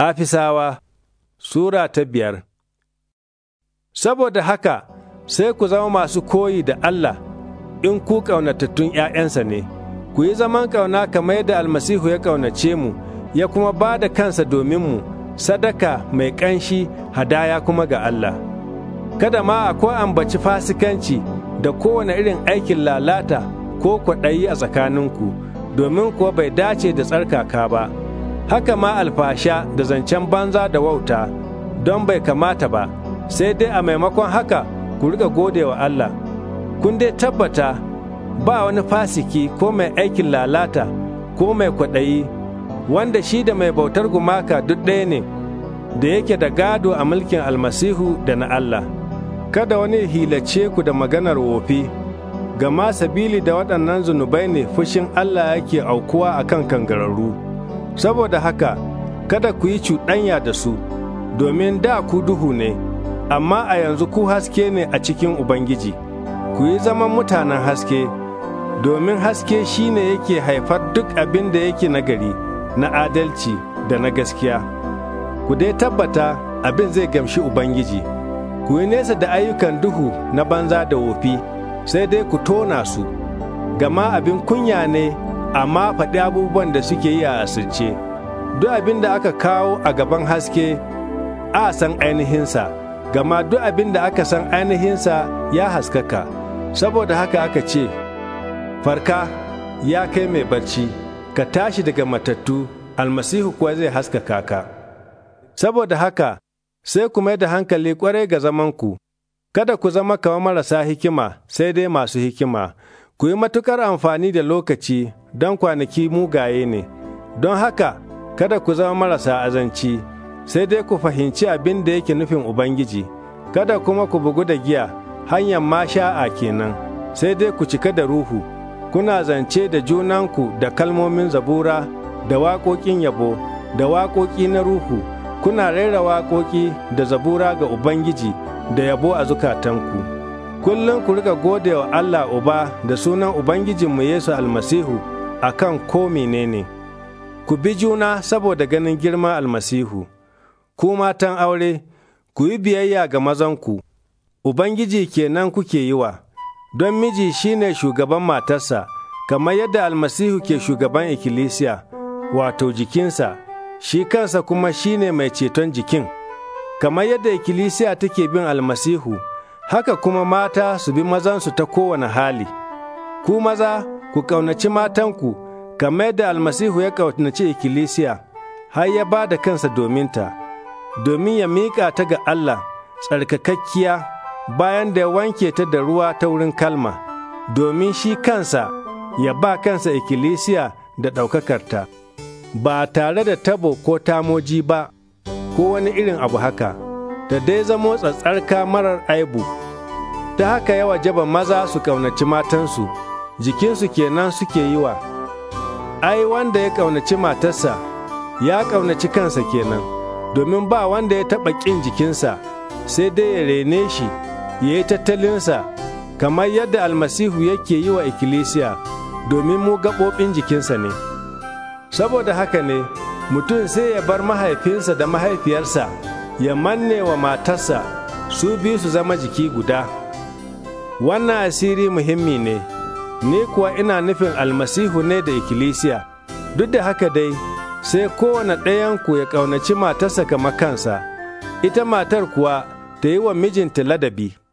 Afisawa Sura ta biyar Saboda haka sai ku zama masu koyi da Allah in ku ƙaunatattun ’ya'yansa ne, ku yi zaman ƙauna kamar da almasihu ya ƙaunace mu, ya kuma ba da kansa mu, sadaka mai ƙanshi hadaya kuma ga Allah. Kada ma a akwai ambaci fasikanci da kowane irin aikin lalata ko kwaɗayi a tsakaninku, domin kuwa bai dace da tsarkaka ba. haka ma alfasha da zancen banza da wauta don bai kamata ba sai dai a maimakon haka ku riƙa gode wa Allah kun dai tabbata ba wani fasiki ko mai aikin lalata ko mai kwaɗayi wanda shi da mai bautar gumaka duk ɗaya ne da yake da gado a mulkin almasihu da na Allah kada wani hilace ku da maganar wofi gama sabili da waɗannan zunubai ne fushin Allah yake aukuwa akan kangararru. saboda haka kada ku yi cuɗanya da su domin da ku duhu ne amma a yanzu ku haske ne a cikin ubangiji ku yi zaman mutanen haske domin haske shi ne yake haifar duk abin da yake nagari na adalci da na gaskiya ku dai tabbata abin zai gamshi ubangiji ku yi nesa da ayyukan duhu na banza da wofi sai dai ku tona su gama abin kunya ne amma faɗi abubuwan da suke yi a asirce duk abin da aka kawo a gaban haske a san ainihinsa gama duk abin da aka san ainihinsa ya haskaka saboda haka aka ce farka ya kai mai barci ka tashi daga matattu almasihu kuwa zai haskaka ka saboda haka sai ku mai da hankali kwarai ga zamanku kada ku zama kamar marasa hikima sai dai masu hikima ku yi matukar amfani da lokaci don kwanaki mugaye ne, don haka kada ku zama marasa azanci, sai dai ku fahimci abin da yake nufin Ubangiji, kada kuma ku bugu da giya hanyar masha'a kenan, sai dai ku cika da ruhu, kuna zance da junanku da kalmomin zabura, da waƙoƙin yabo, da waƙoƙi na ruhu, kuna rera waƙoƙi da zabura ga Ubangiji da yabo a zukatanku. kullum ku rika gode wa Allah Uba da sunan Ubangijinmu Yesu almasihu a kan ko menene. Ku bi juna saboda ganin girman almasihu, ku matan aure, ku yi biyayya ga mazanku, Ubangiji kenan kuke yi wa, don miji shine shugaban matarsa, kamar yadda almasihu ke shugaban ikkilisiya, wato jikinsa, shi kansa kuma shine mai ceton jikin, kamar yadda ikkilisiya take bin almasihu. haka kuma mata su bi mazansu ta kowane hali. Ku maza, ku ƙaunaci matanku, game da almasihu ya ƙaunaci ikkilisiya, har ya ba da kansa dominta, domin ya miƙa ta ga Allah tsarkakakkiya bayan da ya wanke ta da ruwa ta wurin kalma, domin shi kansa ya ba kansa ikkilisiya da ɗaukakarta, ba tare da tabo ko tamoji ba, ko wani irin abu haka. da dai zamo tsatsarka marar aibu ta haka yawa jaba maza su ƙaunaci matansu jikinsu kenan suke yi wa ai wanda ya kaunaci matarsa ya kaunaci kansa kenan domin ba wanda ya taɓa ƙin jikinsa sai dai ya rene shi ya yi tattalinsa kamar yadda almasihu yake yi wa ikkilisiya domin mu gaɓoɓin jikinsa ne saboda haka ne mutum sai ya bar mahaifinsa da mahaifiyarsa ya manne wa matarsa su biyu su zama jiki guda wannan asiri muhimmi ne ni kuwa ina nufin almasihu ne da ikkilisiya duk da haka dai sai kowane ɗayanku ya ƙaunaci matarsa kamar kansa ita matar kuwa ta yi wa mijinta ladabi